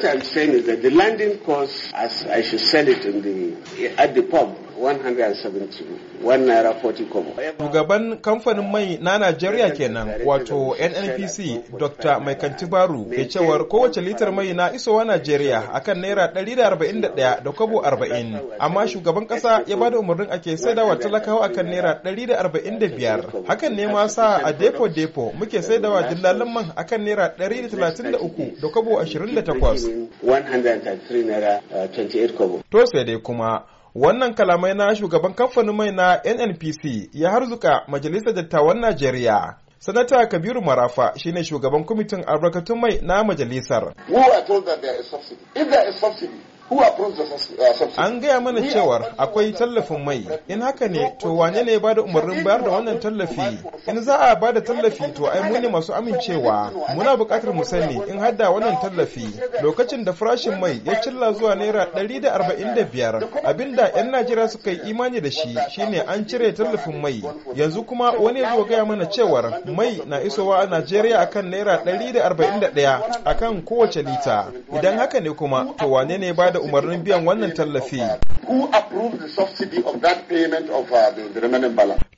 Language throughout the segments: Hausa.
What I'm saying is that the landing cost, as I should sell it the, at the pub, 170 wannan rapoti kobo. Shugaban kamfanin mai na Najeriya kenan wato NNPC Dr. Mai Kantibaru ke cewar kowace litar mai na isowa Najeriya akan naira 141 da kobo 40 amma shugaban kasa ya bada umarnin ake saidawa talakawa akan naira 145 hakan ne ma sa a depo depo muke saidawa dillalin man akan naira 133 da kobo 28. 133 naira 28 uh, kobo. To sai dai kuma wannan kalamai na shugaban kamfanin mai na nnpc ya harzuka majalisar dattawan najeriya sanata kabiru marafa shine shugaban kwamitin albarkatun mai na majalisar who told that there is subsidy if there is subsidy Uh, an gaya mana cewar akwai tallafin mai, in haka ne to wane ne ya da umarnin bayar da wannan tallafi? In za a ba da tallafi to ai mu ne masu amincewa, muna buƙatar mu sani in hadda wannan tallafi. Lokacin da farashin mai ya cilla zuwa naira ɗari da arba'in da biyar, abinda 'yan Najeriya suka yi imani da shi shine an cire tallafin mai. Yanzu kuma wani ya gaya mana cewar mai na isowa a Najeriya akan naira ɗari da ɗaya akan kowace lita. Idan haka ne kuma to wane ne ya da da umarnin biyan wannan tallafi. Uh,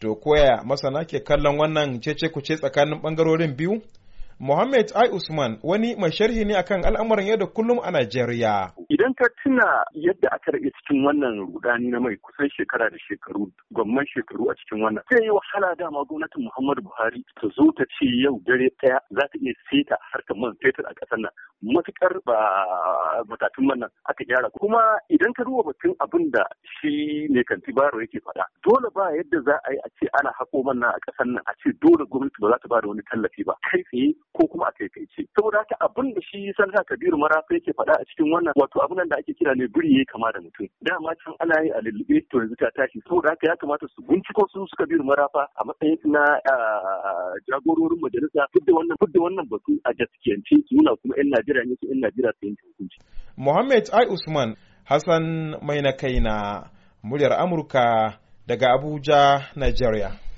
to koya masana ke kallon wannan cece kuce tsakanin bangarorin biyu? Mohammed I. Usman wani mai sharhi ne akan al'amuran yau da kullum a Najeriya. Idan ka tuna yadda aka rage cikin wannan rudani na mai kusan shekara da shekaru gwamman shekaru a cikin wannan. sai yi wahala dama gwamnatin Muhammadu Buhari ta zo ta ce yau dare ɗaya za ta iya seta harkar man fetur a ƙasar nan. matukar ba matakin wannan aka gyara kuma idan ka duba batun abin da shi ne kanti baro yake faɗa dole ba yadda za a yi a ce ana haƙo manna a ƙasar nan a ce dole gwamnati ba za ta ba da wani tallafi ba kai tsaye ko kuma a kaikaice saboda haka abin da shi sanata kabiru marafa yake faɗa a cikin wannan wato abin da ake kira ne biri yayi kama da mutum dama can ana yi a lullube to yanzu ta tashi saboda haka ya kamata su binciko su su kabiru marafa a matsayin na jagororin majalisa fidda wannan fidda wannan batu a gaskiyance su nuna kuma yan najeriya ne su yan najeriya su yanke hukunci. Mohammed ai usman hassan mai na kaina muryar amurka daga abuja nigeria.